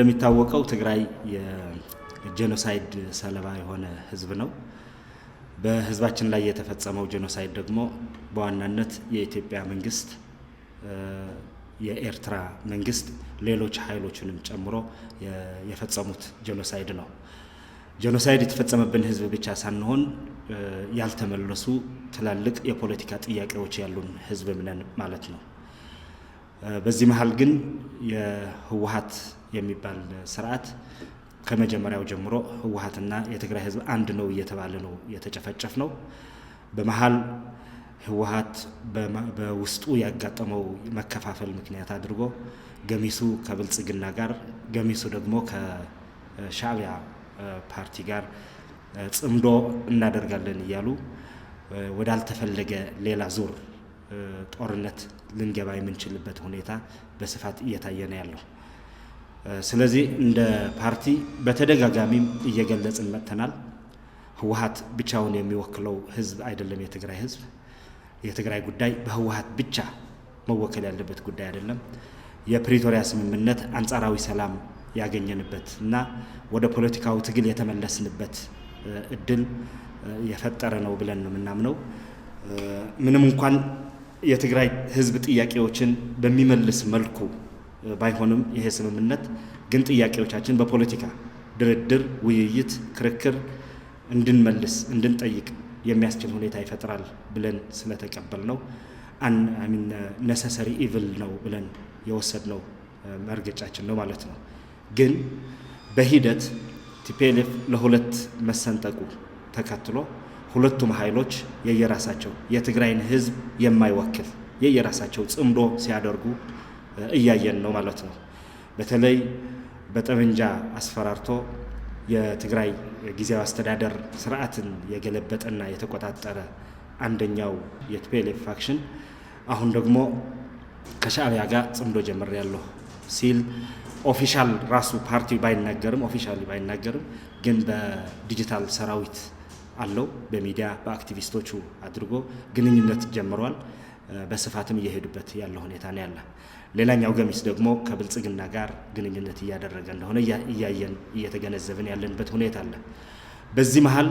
እንደሚታወቀው ትግራይ የጄኖሳይድ ሰለባ የሆነ ህዝብ ነው። በህዝባችን ላይ የተፈጸመው ጄኖሳይድ ደግሞ በዋናነት የኢትዮጵያ መንግስት፣ የኤርትራ መንግስት፣ ሌሎች ኃይሎችንም ጨምሮ የፈጸሙት ጄኖሳይድ ነው። ጄኖሳይድ የተፈጸመብን ህዝብ ብቻ ሳንሆን ያልተመለሱ ትላልቅ የፖለቲካ ጥያቄዎች ያሉን ህዝብ ምነን ማለት ነው። በዚህ መሀል ግን የህወሀት የሚባል ስርዓት ከመጀመሪያው ጀምሮ ህወሀትና የትግራይ ህዝብ አንድ ነው እየተባለ ነው የተጨፈጨፍ ነው። በመሀል ህወሀት በውስጡ ያጋጠመው መከፋፈል ምክንያት አድርጎ ገሚሱ ከብልጽግና ጋር ገሚሱ ደግሞ ከሻዕቢያ ፓርቲ ጋር ጽምዶ እናደርጋለን እያሉ ወዳልተፈለገ ሌላ ዙር ጦርነት ልንገባ የምንችልበት ሁኔታ በስፋት እየታየ ነው ያለው። ስለዚህ እንደ ፓርቲ በተደጋጋሚም እየገለጽን መጥተናል። ህወሀት ብቻውን የሚወክለው ህዝብ አይደለም። የትግራይ ህዝብ የትግራይ ጉዳይ በህወሀት ብቻ መወከል ያለበት ጉዳይ አይደለም። የፕሪቶሪያ ስምምነት አንጻራዊ ሰላም ያገኘንበት እና ወደ ፖለቲካው ትግል የተመለስንበት እድል የፈጠረ ነው ብለን ነው የምናምነው። ምንም እንኳን የትግራይ ህዝብ ጥያቄዎችን በሚመልስ መልኩ ባይሆንም ይሄ ስምምነት ግን ጥያቄዎቻችን በፖለቲካ ድርድር፣ ውይይት፣ ክርክር እንድንመልስ እንድንጠይቅ የሚያስችል ሁኔታ ይፈጥራል ብለን ስለተቀበል ነው ነሰሰሪ ኢቭል ነው ብለን የወሰድነው መርገጫችን ነው ማለት ነው። ግን በሂደት ቲፒኤልኤፍ ለሁለት መሰንጠቁ ተከትሎ ሁለቱም ኃይሎች የየራሳቸው የትግራይን ሕዝብ የማይወክል የየራሳቸው ጽምዶ ሲያደርጉ እያየን ነው ማለት ነው። በተለይ በጠመንጃ አስፈራርቶ የትግራይ ጊዜያዊ አስተዳደር ስርዓትን የገለበጠና የተቆጣጠረ አንደኛው የቲፒኤልኤፍ ፋክሽን አሁን ደግሞ ከሻዕቢያ ጋር ጽምዶ ጀምር ያለሁ ሲል ኦፊሻል ራሱ ፓርቲው ባይናገርም ኦፊሻል ባይናገርም ግን በዲጂታል ሰራዊት አለው በሚዲያ በአክቲቪስቶቹ አድርጎ ግንኙነት ጀምሯል። በስፋትም እየሄዱበት ያለ ሁኔታ ነው ያለ። ሌላኛው ገሚስ ደግሞ ከብልጽግና ጋር ግንኙነት እያደረገ እንደሆነ እያየን እየተገነዘብን ያለንበት ሁኔታ አለ። በዚህ መሀል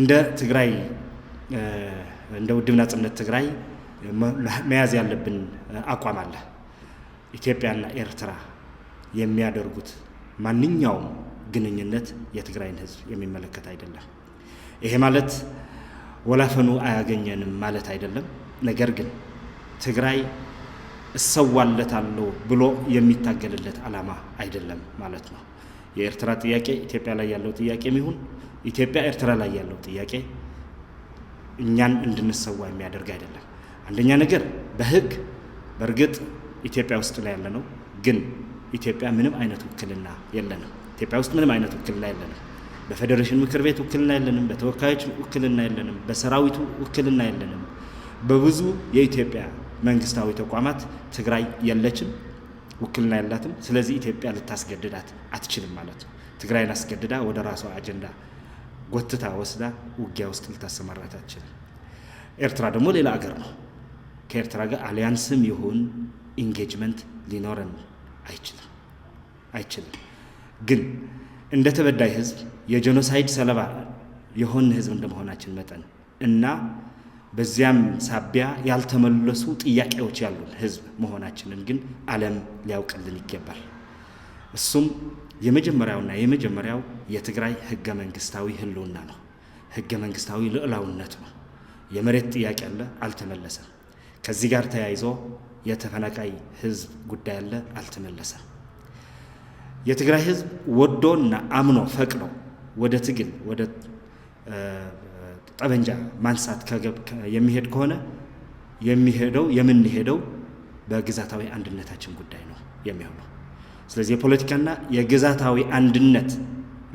እንደ ትግራይ እንደ ውድብ ናጽነት ትግራይ መያዝ ያለብን አቋም አለ። ኢትዮጵያና ኤርትራ የሚያደርጉት ማንኛውም ግንኙነት የትግራይን ሕዝብ የሚመለከት አይደለም። ይሄ ማለት ወላፈኑ አያገኘንም ማለት አይደለም። ነገር ግን ትግራይ እሰዋለታለሁ ብሎ የሚታገልለት ዓላማ አይደለም ማለት ነው። የኤርትራ ጥያቄ ኢትዮጵያ ላይ ያለው ጥያቄ ይሁን ኢትዮጵያ ኤርትራ ላይ ያለው ጥያቄ እኛን እንድንሰዋ የሚያደርግ አይደለም። አንደኛ ነገር በህግ በእርግጥ ኢትዮጵያ ውስጥ ላይ ያለ ነው፣ ግን ኢትዮጵያ ምንም አይነት ውክልና የለንም። ኢትዮጵያ ውስጥ ምንም አይነት ውክልና የለንም። በፌዴሬሽን ምክር ቤት ውክልና የለንም። በተወካዮች ውክልና የለንም። በሰራዊቱ ውክልና የለንም። በብዙ የኢትዮጵያ መንግስታዊ ተቋማት ትግራይ የለችም ውክልና ያላትም። ስለዚህ ኢትዮጵያ ልታስገድዳት አትችልም ማለት ነው። ትግራይን አስገድዳ ወደ ራሷ አጀንዳ ጎትታ ወስዳ ውጊያ ውስጥ ልታሰማራት አትችልም። ኤርትራ ደግሞ ሌላ አገር ነው። ከኤርትራ ጋር አሊያንስም ይሁን ኢንጌጅመንት ሊኖረን አይችልም አይችልም። ግን እንደ ተበዳይ ህዝብ የጄኖሳይድ ሰለባ የሆን ህዝብ እንደመሆናችን መጠን እና በዚያም ሳቢያ ያልተመለሱ ጥያቄዎች ያሉን ህዝብ መሆናችንን ግን ዓለም ሊያውቅልን ይገባል። እሱም የመጀመሪያውና የመጀመሪያው የትግራይ ህገ መንግስታዊ ህልውና ነው። ህገ መንግስታዊ ልዕላውነት ነው። የመሬት ጥያቄ አለ፣ አልተመለሰም። ከዚህ ጋር ተያይዞ የተፈናቃይ ህዝብ ጉዳይ አለ፣ አልተመለሰም። የትግራይ ህዝብ ወዶና አምኖ ፈቅዶ ወደ ትግል ወደ ጠበንጃ ማንሳት የሚሄድ ከሆነ የሚሄደው የምንሄደው በግዛታዊ አንድነታችን ጉዳይ ነው የሚሆነው። ስለዚህ የፖለቲካና የግዛታዊ አንድነት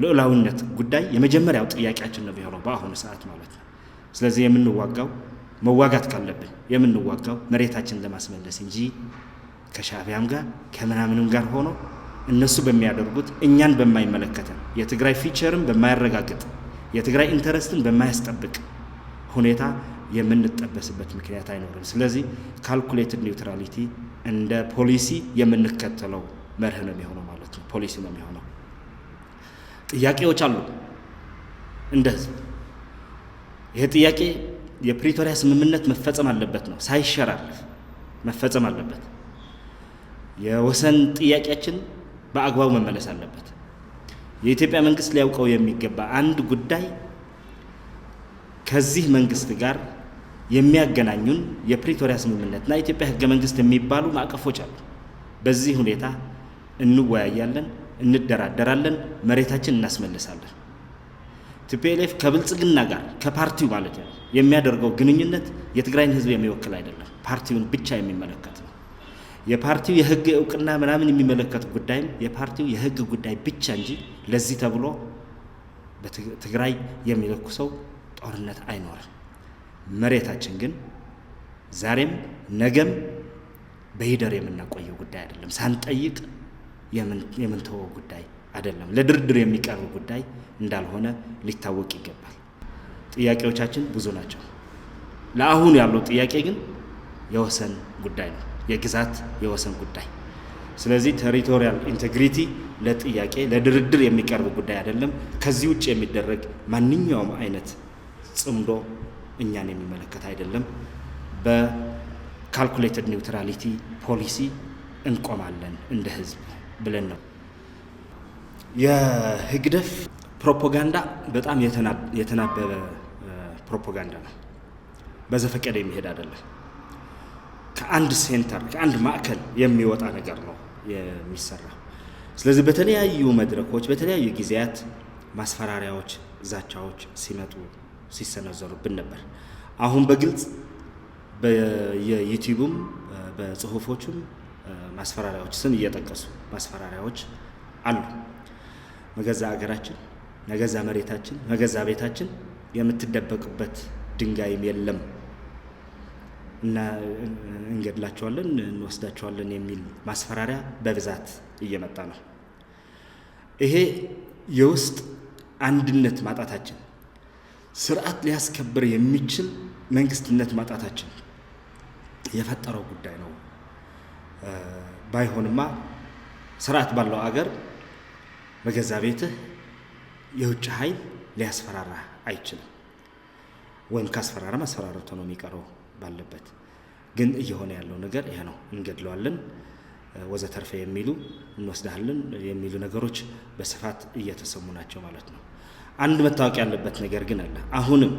ልዑላዊነት ጉዳይ የመጀመሪያው ጥያቄያችን ነው የሚሆነው በአሁኑ ሰዓት ማለት ነው። ስለዚህ የምንዋጋው መዋጋት ካለብን የምንዋጋው መሬታችንን ለማስመለስ እንጂ ከሻቢያም ጋር ከምናምንም ጋር ሆኖ እነሱ በሚያደርጉት እኛን በማይመለከተን የትግራይ ፊቸርን በማያረጋግጥ የትግራይ ኢንተረስትን በማያስጠብቅ ሁኔታ የምንጠበስበት ምክንያት አይኖርም። ስለዚህ ካልኩሌትድ ኒውትራሊቲ እንደ ፖሊሲ የምንከተለው መርህ ነው የሚሆነው ማለት ነው። ፖሊሲ ነው የሚሆነው። ጥያቄዎች አሉ እንደ ህዝብ። ይሄ ጥያቄ የፕሪቶሪያ ስምምነት መፈጸም አለበት ነው፣ ሳይሸራረፍ መፈጸም አለበት። የወሰን ጥያቄያችን በአግባቡ መመለስ አለበት። የኢትዮጵያ መንግስት ሊያውቀው የሚገባ አንድ ጉዳይ ከዚህ መንግስት ጋር የሚያገናኙን የፕሪቶሪያ ስምምነትና የኢትዮጵያ ህገ መንግስት የሚባሉ ማዕቀፎች አሉ። በዚህ ሁኔታ እንወያያለን፣ እንደራደራለን፣ መሬታችን እናስመልሳለን። ቲፒኤልኤፍ ከብልጽግና ጋር ከፓርቲው ማለት ነው የሚያደርገው ግንኙነት የትግራይን ህዝብ የሚወክል አይደለም፣ ፓርቲውን ብቻ የሚመለከት ነው። የፓርቲው የህግ እውቅና ምናምን የሚመለከት ጉዳይም የፓርቲው የህግ ጉዳይ ብቻ እንጂ ለዚህ ተብሎ በትግራይ የሚለኩሰው ጦርነት አይኖርም። መሬታችን ግን ዛሬም ነገም በሂደር የምናቆየው ጉዳይ አይደለም። ሳንጠይቅ የምንተወው ጉዳይ አይደለም። ለድርድር የሚቀርብ ጉዳይ እንዳልሆነ ሊታወቅ ይገባል። ጥያቄዎቻችን ብዙ ናቸው። ለአሁን ያለው ጥያቄ ግን የወሰን ጉዳይ ነው። የግዛት የወሰን ጉዳይ። ስለዚህ ቴሪቶሪያል ኢንቴግሪቲ ለጥያቄ ለድርድር የሚቀርብ ጉዳይ አይደለም። ከዚህ ውጭ የሚደረግ ማንኛውም አይነት ጽምዶ እኛን የሚመለከት አይደለም። በካልኩሌትድ ኒውትራሊቲ ፖሊሲ እንቆማለን እንደ ህዝብ ብለን ነው። የህግደፍ ፕሮፓጋንዳ በጣም የተናበበ ፕሮፓጋንዳ ነው። በዘፈቀደ የሚሄድ አይደለም። ከአንድ ሴንተር ከአንድ ማዕከል የሚወጣ ነገር ነው የሚሰራው። ስለዚህ በተለያዩ መድረኮች በተለያዩ ጊዜያት ማስፈራሪያዎች፣ ዛቻዎች ሲመጡ ሲሰነዘሩብን ነበር። አሁን በግልጽ በዩቲዩብም በጽሁፎቹም ማስፈራሪያዎች ስም እየጠቀሱ ማስፈራሪያዎች አሉ። መገዛ አገራችን፣ መገዛ መሬታችን፣ መገዛ ቤታችን የምትደበቅበት ድንጋይም የለም። እንገድላቸዋለን፣ እንወስዳቸዋለን የሚል ማስፈራሪያ በብዛት እየመጣ ነው። ይሄ የውስጥ አንድነት ማጣታችን፣ ስርዓት ሊያስከብር የሚችል መንግስትነት ማጣታችን የፈጠረው ጉዳይ ነው። ባይሆንማ ስርዓት ባለው አገር በገዛ ቤትህ የውጭ ኃይል ሊያስፈራራ አይችልም። ወይም ካስፈራራ ማስፈራረቱ ነው የሚቀረው። ባለበት ግን እየሆነ ያለው ነገር ይሄ ነው። እንገድለዋለን ወዘተርፈ የሚሉ እንወስዳለን የሚሉ ነገሮች በስፋት እየተሰሙ ናቸው ማለት ነው። አንድ መታወቅ ያለበት ነገር ግን አለ። አሁንም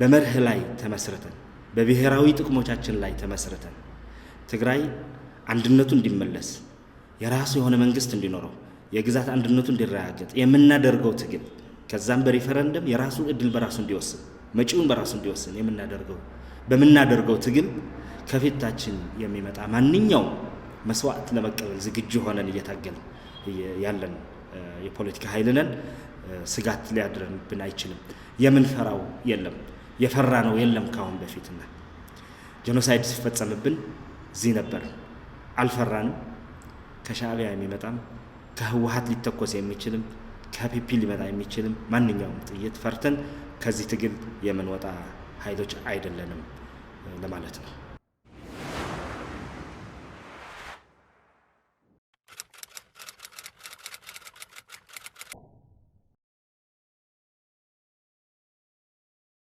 በመርህ ላይ ተመስርተን በብሔራዊ ጥቅሞቻችን ላይ ተመስርተን ትግራይ አንድነቱ እንዲመለስ የራሱ የሆነ መንግስት እንዲኖረው የግዛት አንድነቱ እንዲረጋገጥ የምናደርገው ትግል ከዛም በሪፈረንደም የራሱ እድል በራሱ እንዲወስን መጪውን በራሱ እንዲወስን የምናደርገው በምናደርገው ትግል ከፊታችን የሚመጣ ማንኛውም መስዋዕት ለመቀበል ዝግጁ ሆነን እየታገል ያለን የፖለቲካ ኃይል ነን። ስጋት ሊያድረንብን አይችልም። የምንፈራው የለም፣ የፈራ ነው የለም። ካሁን በፊትና ጄኖሳይድ ሲፈጸምብን እዚህ ነበር፣ አልፈራንም። ከሻዕቢያ የሚመጣም ከህወሀት ሊተኮስ የሚችልም ከፒፒ ሊመጣ የሚችልም ማንኛውም ጥይት ፈርተን ከዚህ ትግል የምንወጣ ኃይሎች አይደለንም ለማለት ነው።